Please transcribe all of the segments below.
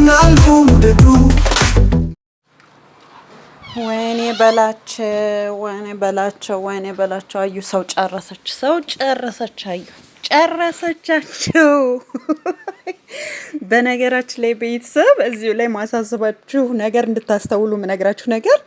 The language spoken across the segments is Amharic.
እናልኩምድዱ ወይኔ በላቸው ወይኔ በላቸው ወይኔ በላቸው። አዩ ሰው ጨረሰች፣ ሰው ጨረሰች፣ አዩ ጨረሰቻቸው። በነገራችን ላይ ቤተሰብ እዚሁ ላይ ማሳስባችሁ ነገር እንድታስተውሉ ምነግራችሁ ነገር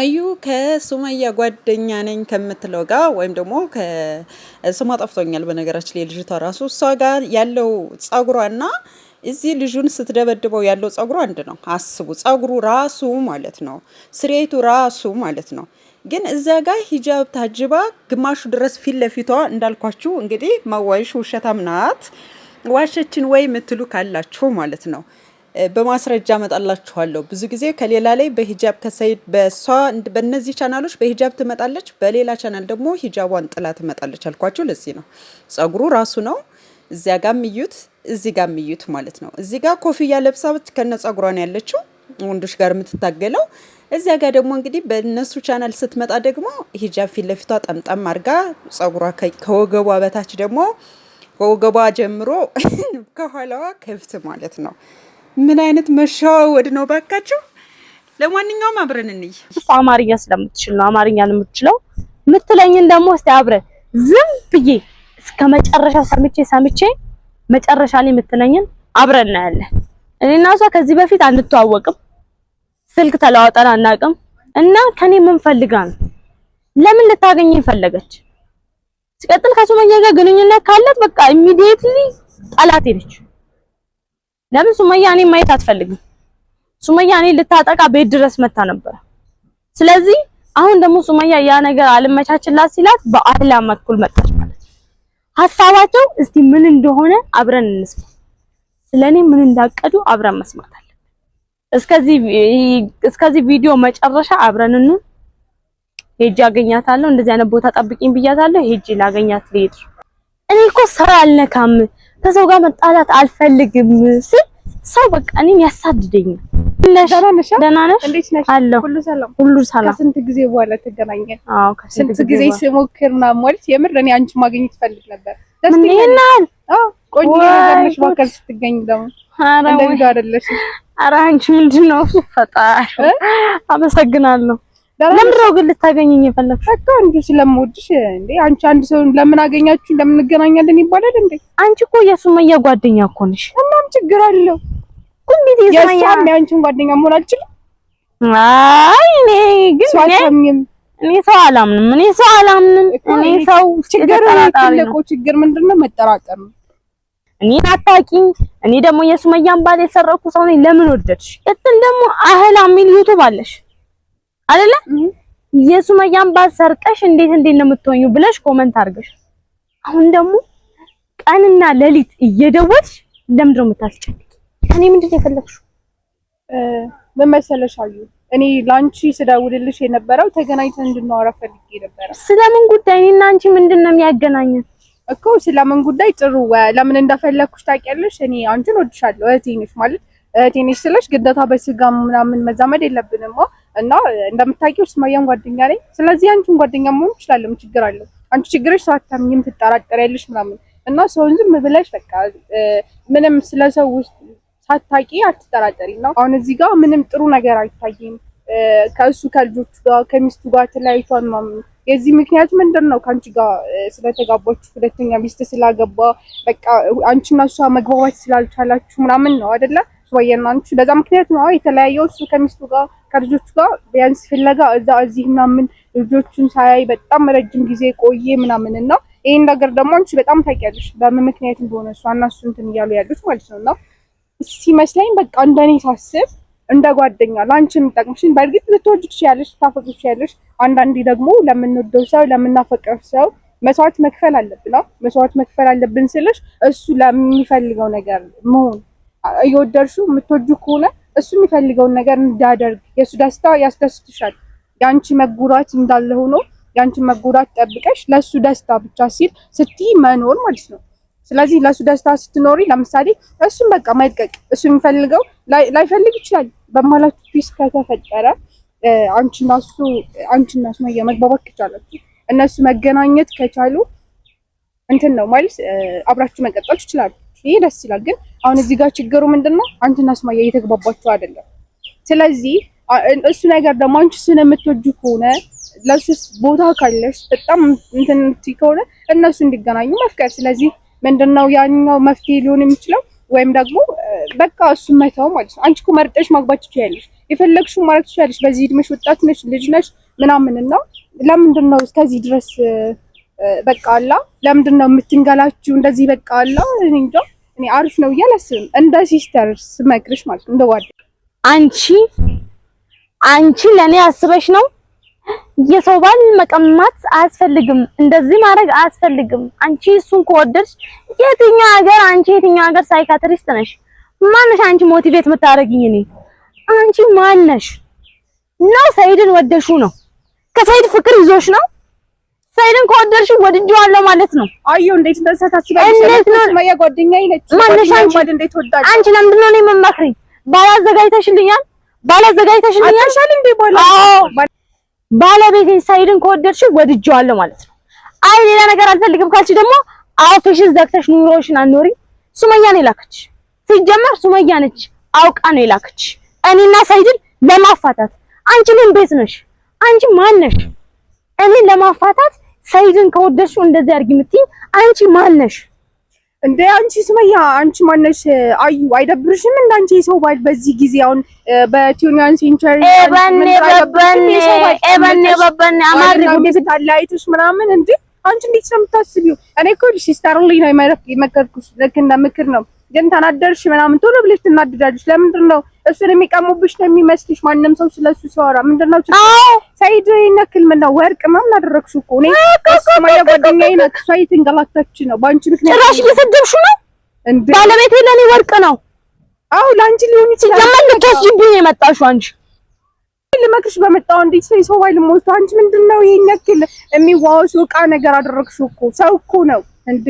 አዩ ከሱመያ ጓደኛ ነኝ ከምትለው ጋር ወይም ደግሞ ጠፍቶኛል፣ በነገራችን ላይ ልጅቷ ራሱ እሷ ጋር ያለው ጸጉሯና እዚህ ልጁን ስትደበድበው ያለው ጸጉሩ አንድ ነው። አስቡ፣ ጸጉሩ ራሱ ማለት ነው፣ ስሬቱ ራሱ ማለት ነው። ግን እዛ ጋር ሂጃብ ታጅባ ግማሹ ድረስ ፊት ለፊቷ እንዳልኳችሁ እንግዲህ መዋይሽ ውሸታም ናት፣ ዋሸችን ወይ የምትሉ ካላችሁ ማለት ነው በማስረጃ መጣላችኋለሁ። ብዙ ጊዜ ከሌላ ላይ በሂጃብ ከሰይድ በሷ በእነዚህ ቻናሎች በሂጃብ ትመጣለች፣ በሌላ ቻናል ደግሞ ሂጃቧን ጥላ ትመጣለች። አልኳችሁ ለዚህ ነው። ጸጉሩ ራሱ ነው እዚያ ጋር ምዩት፣ እዚህ ጋር ምዩት ማለት ነው። እዚህ ጋር ኮፍያ ለብሳ ከነ ጸጉሯን ያለችው ወንዶች ጋር የምትታገለው እዚያ ጋር ደግሞ እንግዲህ በእነሱ ቻናል ስትመጣ ደግሞ ሂጃብ ፊት ለፊቷ ጠምጠም አድርጋ ጸጉሯ ከወገቧ በታች ደግሞ ከወገቧ ጀምሮ ከኋላዋ ክፍት ማለት ነው። ምን አይነት መሸዋወድ ነው ባካችሁ! ለማንኛውም አብረን እንይ። አማርኛ ስለምትችል ነው አማርኛ የምትችለው የምትለኝን ደግሞ እስቲ አብረን ዝም ብዬ እስከ መጨረሻ ሰምቼ ሰምቼ መጨረሻ ላይ የምትለኝን አብረን እናያለን። እኔና እሷ ከዚህ በፊት አንተዋወቅም፣ ስልክ ተለዋውጠን አናውቅም። እና ከኔ ምን ፈልጋ ነው? ለምን ልታገኝ ፈለገች? ሲቀጥል ከሱመያ ጋር ግንኙነት ካላት በቃ ኢሚዲየትሊ ጠላቴ ነች። ለምን ሱመያ እኔ ማየት አትፈልግም? ሱመያ እኔ ልታጠቃ ቤት ድረስ መታ ነበር። ስለዚህ አሁን ደግሞ ሱመያ ያ ነገር አልመቻችላት ሲላት በአህላ መኩል መጣች ማለት ሀሳባቸው እስቲ ምን እንደሆነ አብረን እንስማ። ስለኔ ምን እንዳቀዱ አብረን መስማት አለብን። እስከዚህ እስከዚህ ቪዲዮ መጨረሻ አብረን እንን ሄጅ ያገኛታለሁ። እንደዚህ አይነት ቦታ ጠብቂኝ ብያታለሁ። ሄጅ ላገኛት ልሄድ። እኔ እኮ ሰው አልነካም፣ ከሰው ጋር መጣላት አልፈልግም ስል ሰው በቃ እኔን ያሳድደኛል። ነሽ? ደህና ነሽ? ነሽ? አለሁ። ሁሉ ሰላም፣ ሁሉ ሰላም። ከስንት ጊዜ በኋላ ተገናኘን። አዎ፣ ከስንት ጊዜ ስሞክር ምናምን ማለት የምር እኔ አንቺ ማግኘት ፈልግ ነበር። ምን ይላል? አዎ፣ ቆንጆ ነገር ነሽ። ማከል ስትገኝ ደግሞ ወይ አይደለሽ። አራ አንቺ ምንድን ነው ፈጣሪ። አመሰግናለሁ። ለምን ነው ግን ልታገኘኝ የፈለግሽ? በቃ እንዲሁ ስለምወድሽ። እንዴ አንቺ አንድ ሰው ለምን አገኛችሁ ለምን እንገናኛለን ይባላል እንዴ? አንቺ እኮ የሱመያ ጓደኛ እኮ ነሽ። እናም ችግር አለው ሁሉ ያንቺን ጓደኛ መሆን አልችልም። አይ እኔ ግን እኔ ሰው አላምንም። እኔ ሰው አላምንም። እኔ ሰው ችግር ትልቁ ችግር ምንድን ነው? መጠራጠር ነው። እኔን አታውቂኝ። እኔ ደግሞ የሱመያን ባል የሰረኩ ሰው ነኝ። ለምን ወደድሽ? ደግሞ አህላ የሚል ዩቱብ አለሽ አይደለ? የሱመያን ባል ሰርቀሽ እንዴት እንዴት ነው የምትሆኙ ብለሽ ኮመንት አድርገሽ፣ አሁን ደግሞ ቀንና ሌሊት እየደወልሽ ለምንድን ነው የምታስጨንቅ? እኔ ምንድን ነው የፈለግሽው? ምን መሰለሽ አዩ፣ እኔ ላንቺ ስደውልልሽ የነበረው ተገናኝተን እንድናወራ ፈልጌ ነበረ። ስለምን ጉዳይ? እኔና አንቺ ምንድን ነው የሚያገናኘን? እኮ ስለምን ጉዳይ? ጥሩ ለምን እንደፈለግኩሽ ታውቂያለሽ? እኔ አንቺን ወድሻለሁ። እህቴ ነሽ ማለት እህቴ ነሽ ስለሽ ግዴታ በስጋ ምናምን መዛመድ የለብንም እና እንደምታውቂው ስማያም ጓደኛ ነኝ። ስለዚህ አንቺን ጓደኛ መሆን እንችላለን። ችግር አለው? አንቺ ችግርሽ ሰው አታምኝም፣ ትጠራጠሪያለሽ ምናምን እና ሰውን ዝም ብለሽ በቃ ምንም ስለሰው ውስጥ ሳታቂ አትጠራጠሪ ነው። አሁን እዚህ ጋር ምንም ጥሩ ነገር አይታይም። ከእሱ ከልጆቹ ጋር ከሚስቱ ጋር ተለያይቷል ምናምን። የዚህ ምክንያት ምንድን ነው? ከአንቺ ጋር ስለተጋባች ሁለተኛ ሚስት ስላገባ በቃ አንቺና እሷ መግባባት ስላልቻላችሁ ምናምን ነው አደለ? ሱባየና አንቺ በዛ ምክንያት ነው የተለያየው። እሱ ከሚስቱ ጋር ከልጆቹ ጋር ቢያንስ ፍለጋ እዛ እዚህ ምናምን ልጆቹን ሳያይ በጣም ረጅም ጊዜ ቆየ ምናምን እና ይህን ነገር ደግሞ አንቺ በጣም ታውቂያለሽ፣ በምን ምክንያት እንደሆነ እሷ እና እሱ እንትን እያሉ ያሉት ማለት ነው እና ሲመስለኝ በቃ እንደኔ ሳስብ እንደ ጓደኛ ለአንቺ የምጠቅምሽን በእርግጥ ልትወጅ ትችያለሽ፣ ልታፈቅሪ ትችያለሽ። አንዳንዴ ደግሞ ለምንወደው ሰው ለምናፈቅር ሰው መስዋዕት መክፈል አለብን። መስዋዕት መክፈል አለብን ስልሽ እሱ ለሚፈልገው ነገር መሆን እየወደድሽው የምትወጁ ከሆነ እሱ የሚፈልገውን ነገር እንዳደርግ የእሱ ደስታ ያስደስትሻል። የአንቺ መጎዳት እንዳለ ሆኖ የአንቺ መጎዳት ጠብቀሽ ለእሱ ደስታ ብቻ ሲል ስትይ መኖር ማለት ነው። ስለዚህ ለእሱ ደስታ ስትኖሪ ለምሳሌ እሱም በቃ ማይጥቀቅ እሱ የሚፈልገው ላይፈልግ ይችላል። በማላችሁ ፒስ ከተፈጠረ አንቺና እሱ አንቺና እሱ መግባባት ከቻላችሁ እነሱ መገናኘት ከቻሉ እንትን ነው ማለት አብራችሁ መቀጠል ትችላላችሁ። ይሄ ደስ ይላል። ግን አሁን እዚህ ጋር ችግሩ ምንድን ነው? አንቺና ሱመያ እየተግባባችሁ አይደለም። ስለዚህ እሱ ነገር ደግሞ አንቺ እሱን የምትወጁ ከሆነ ለሱስ ቦታ ካለሽ በጣም እንትን ከሆነ እነሱ እንዲገናኙ መፍቀር ስለዚህ ምንድነው ያኛው መፍትሄ ሊሆን የሚችለው ወይም ደግሞ በቃ እሱ መተው ማለት ነው። አንቺ እኮ መርጠሽ ማግባት ትችያለሽ፣ የፈለግሽው ማለት ትችያለሽ። በዚህ እድሜሽ ወጣት ነሽ፣ ልጅ ነሽ ምናምን እና ለምንድን ነው እስከዚህ ድረስ በቃ አላ ለምንድን ነው የምትንገላችሁ? እንደዚህ በቃ አላ እኔ እንጃ። እኔ አሪፍ ነው እያላስብም እንደ ሲስተር ስመክርሽ ማለት ነው እንደ ጓደኛ አንቺ አንቺ ለእኔ አስበሽ ነው የሰው ባል መቀማት አያስፈልግም፣ እንደዚህ ማድረግ አያስፈልግም። አንቺ እሱን ከወደድሽ የትኛው ሀገር አንቺ የትኛው ሀገር ሳይካትሪስት ነሽ? ማነሽ አንቺ ሞቲቬት የምታደርጊኝ እኔ? አንቺ ማነሽ ነው? ሰይድን ወደሹ ነው? ከሰይድ ፍቅር ይዞሽ ነው? ሰይድን ከወደድሽ ወድጄዋለሁ ማለት ነው። አዩ እንዴት እንደዛ ታስባለሽ? እንዴት ነው ማየ የጓደኛዬ ነች ማነሽ አንቺ? እንዴት ወዳጅ አንቺ ለምንድን ነው እኔ የምመክሪኝ? ባል አዘጋጅተሽልኛል፣ ባል አዘጋጅተሽልኛል። አዎ ባለቤቴን ሳይድን ከወደድሽው ወድጄዋለሁ ማለት ነው። አይ ሌላ ነገር አልፈልግም ካልሽ ደግሞ አውፍሽን ዘግተሽ ኑሮሽን አኖሪ። ሱመያ ነው የላከች። ሲጀመር ሱመያ ነች አውቃ ነው የላከች። እኔና ሳይድን ለማፋታት አንቺ ምን ቤት ነሽ? አንቺ ማን ነሽ? እኔን ለማፋታት ሳይድን ከወደድሽው እንደዚህ አድርጊ የምትይኝ አንቺ ማን ነሽ? እንደ አንቺ ስመያ አንቺ ማነሽ? አዩ አይደብርሽም? እንደ አንቺ የሰው ባል በዚህ ጊዜ አሁን በቲዩኒያን ሴንቸሪ ኤባኔ በባኔ ኤባኔ በባኔ አማሪ ጉዲታላይቶሽ ምናምን እንዴ! አንቺ እንዴት ነው የምታስቢው? እኔ እኮ ሲስተርሊ ነው የመከርኩሽ፣ ልክ እንደ ምክር ነው ግን ተናደርሽ ምናምን ቶሎ ብለሽ ትናደዳለሽ። ለምንድን ነው እሱን የሚቀሙብሽ ነው የሚመስልሽ? ማንም ሰው ስለሱ ሲያወራ ምንድን ነው ሰይድ ይነክል ምን ነው ወርቅ ምናምን አደረግሽው እኮ እኔ ሰማያ ጓደኛዬ ናት። እሷ የተንገላታች ነው በአንቺ ምክንያት። ጭራሽ እየሰደብሽ ነው እንዴ? ባለቤቴ ለኔ ወርቅ ነው። አዎ ለአንቺ ሊሆን ይችላል። ልትወስጂብኝ የመጣሽው አንቺ ልመክርሽ በመጣው እንዴ ሰው ሰው ባይል ሞልቶ አንቺ ምንድነው ይሄን ያክል የሚዋወሱ ዕቃ ነገር አደረግሽው እኮ ሰው እኮ ነው እንዴ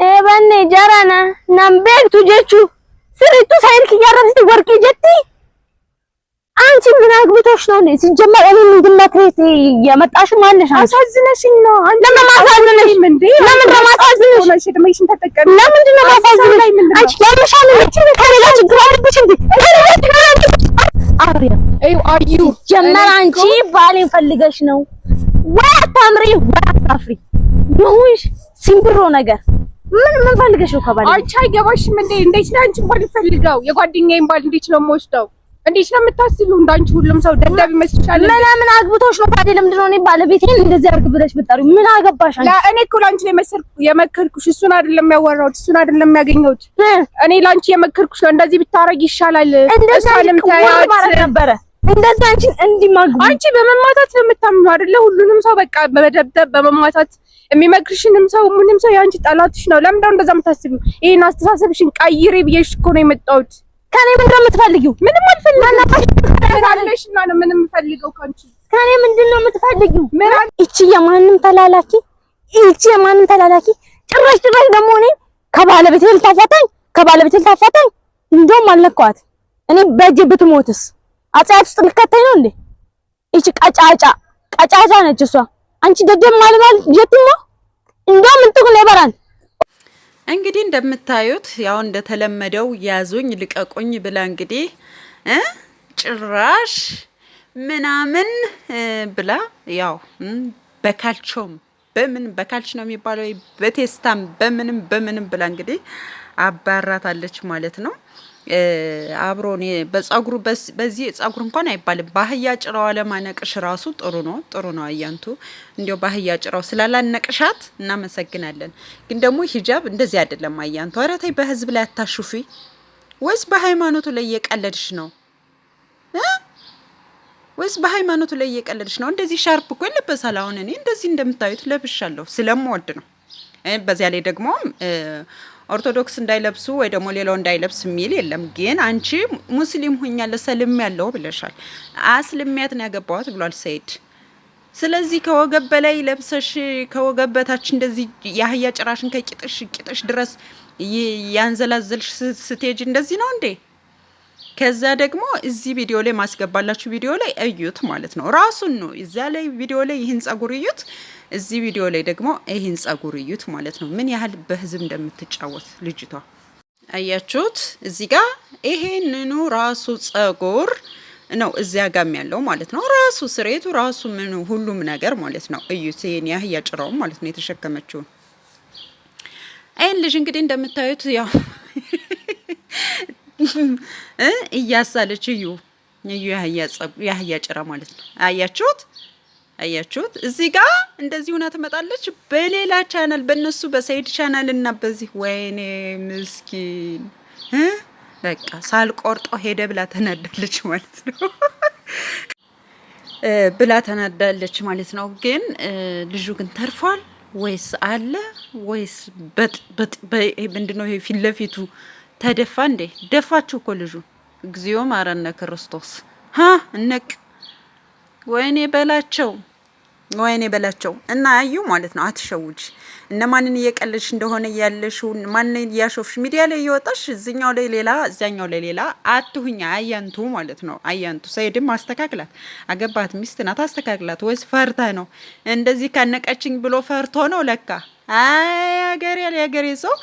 ee eh, banne jaarana nan beektu jechu sirritu ሳይልክ እያረብስቲ ወርቅ ጀቲ አንቺ ምን አግብቶሽ ነው? እኔ ሲጀመር እኔ ምንድነው ከየት የመጣሽ ማነሽ? አሳዝነሽኝ ነው። ለምን ማሳዝነሽ? ለምን ማሳዝነሽ? እድሜሽን ማሳዝነሽ? አንቺ ከሌላ ችግር አለብሽ እንዴ? አሪያ አንቺ ባሌን ፈልገሽ ነው ወይ አታምሪ ወይ አታፍሪ ነውሽ ሲምብሮ ነገር ምን ምን ፈልገሽው ነው ከባል? አንቺ አይገባሽም እንዴ? እንዴት ነው አንቺ ባል ፈልገው የጓደኛዬን ባል እንዴት ነው የምወስደው? እንዴት ነው የምታስቢው? እንዳንቺ ሁሉም ሰው ደደብ ይመስልሻል? ምናምን አግብቶሽ ነው ታዲያ? ለምንድን ነው እኔ ባለቤቴን እንደዚህ አድርግ ብለሽ የምጠሪው? ምን አገባሽ አንቺ? ለእኔ እኮ ለአንቺ ነው የመከርኩሽ። እሱን አይደለም ያወራሁት፣ እሱን አይደለም ያገኘሁት። እኔ ለአንቺ የመከርኩሽ ነው። እንደዚህ ብታረጊ ይሻላል። እንደዚህ ማለት ነበረ እንደዛ አንቺን እንዲማግቡ አንቺ በመማታት የምታምኑ አይደለ? ሁሉንም ሰው በቃ በመደብደብ በመማታት የሚመክርሽንም ሰው ምንም ሰው የአንቺ ጠላትሽ ነው። ለምንድነው እንደዛ የምታስቢው? ይሄን አስተሳሰብሽን ቀይሬ ብዬሽ እኮ ነው የመጣሁት። ከኔ ምንድነው የምትፈልጊው? ምንም አልፈልግም። አልፈልግሽና ነው ምንም የምፈልገው ከአንቺ። ከኔ ምንድነው የምትፈልጊው? እቺ የማንም ተላላኪ፣ እቺ የማንም ተላላኪ። ጭራሽ ጭራሽ ደግሞ እኔ ከባለቤቴ ልታፋታኝ፣ ከባለቤቴ ልታፋታኝ። እንደውም አልነካኋት እኔ በእጄ ብትሞትስ አጽያት ውስጥ ልከተኝ ነው እንዴ? እቺ ቀጫጫ ቀጫጫ ነች እሷ። አንቺ ደደብ ማለት ማለት ጀት ነው እንደውም እንትኩ እንግዲህ እንደምታዩት ያው እንደተለመደው ያዙኝ ልቀቁኝ ብላ እንግዲህ እ ጭራሽ ምናምን ብላ ያው በካልቾም በምን በካልች ነው የሚባለው በቴስታም በምንም በምንም ብላ እንግዲህ አባራታለች ማለት ነው። አብሮ በጸጉሩ በዚህ ጸጉር እንኳን አይባልም። ባህያ ጭራው አለማነቅሽ ራሱ ጥሩ ነው ጥሩ ነው። አያንቱ እንዲያው ባህያ ጭራው ስላላነቅሻት እናመሰግናለን። ግን ደግሞ ሂጃብ እንደዚህ አይደለም አያንቱ። ኧረ ተይ በህዝብ ላይ አታሹፊ። ወይስ በሃይማኖቱ ላይ እየቀለድሽ ነው? ወይስ በሃይማኖቱ ላይ እየቀለድሽ ነው? እንደዚህ ሻርፕ እኮ ይለበሳል። አሁን እኔ እንደዚህ እንደምታዩት ለብሻለሁ ስለምወድ ነው። በዚያ ላይ ደግሞ ኦርቶዶክስ እንዳይለብሱ ወይ ደግሞ ሌላው እንዳይለብስ የሚል የለም። ግን አንቺ ሙስሊም ሁኛለ ሰልም ያለው ብለሻል። አስልሚያት ነው ያገባዋት ብሏል ሰይድ። ስለዚህ ከወገብ በላይ ለብሰሽ ከወገብ በታች እንደዚህ የአህያ ጭራሽን ከቂጥሽ ቂጥሽ ድረስ ያንዘላዘልሽ ስቴጅ እንደዚህ ነው እንዴ? ከዛ ደግሞ እዚህ ቪዲዮ ላይ ማስገባላችሁ ቪዲዮ ላይ እዩት ማለት ነው። ራሱን ነው እዛ ላይ ቪዲዮ ላይ ይህን ጸጉር እዩት፣ እዚህ ቪዲዮ ላይ ደግሞ ይህን ጸጉር እዩት ማለት ነው። ምን ያህል በህዝብ እንደምትጫወት ልጅቷ አያችሁት? እዚህ ጋር ይሄንኑ ራሱ ጸጉር ነው እዚያ ጋም ያለው ማለት ነው። ራሱ ስሬቱ ራሱ ምኑ ሁሉም ነገር ማለት ነው። እዩት፣ ይሄን ያህያ ጭራውም ማለት ነው የተሸከመችውን ይህን ልጅ እንግዲህ እንደምታዩት ያው እያሳለች እዩ እዩ የአህያ ጭራ ማለት ነው። አያችሁት አያችሁት እዚህ ጋር እንደዚህ ሆና ትመጣለች። በሌላ ቻናል በእነሱ በሰይድ ቻናል እና በዚህ ወይኔ ምስኪን በቃ ሳልቆርጦ ሄደ ብላ ተናዳለች ማለት ነው ብላ ተናዳለች ማለት ነው። ግን ልጁ ግን ተርፏል ወይስ አለ ወይስ ምንድነው ይሄ ፊት ለፊቱ ተደፋ እንዴ? ደፋችሁ እኮ ልጁ። እግዚኦ ማረነ ክርስቶስ። ሀ እንቅ ወይኔ በላቸው ወይኔ በላቸው። እና አዩ ማለት ነው። አትሸውጅ። እነ ማንን እየቀለድሽ እንደሆነ እያለሽው ማንን እያሾፍሽ ሚዲያ ላይ እየወጣሽ እዚኛው ላይ ሌላ እዚያኛው ላይ ሌላ አትሁኛ። አያንቱ ማለት ነው። አያንቱ ሰይድም አስተካክላት። አገባት ሚስት ናት። አስተካክላት። ወይስ ፈርተህ ነው? እንደዚህ ካነቀችኝ ብሎ ፈርቶ ነው ለካ። አይ አገሬ ያገሬ ሰው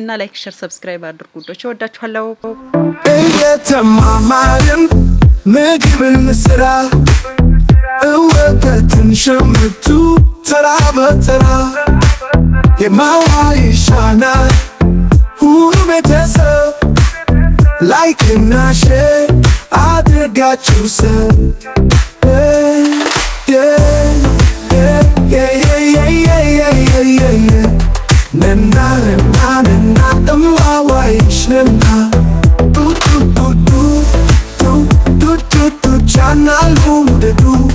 እና ላይክ፣ ሸር፣ ሰብስክራይብ አድርጉ ውዶች። ወዳችኋለሁ። እየተማማርን ምግብን ስራ እወተትን ሸምቱ ተራ በተራ የማዋ ይሻናል ሁሉ ቤተሰብ ላይክ እና ሼር አድርጋችሁ ሰብ canal Mundo de Tu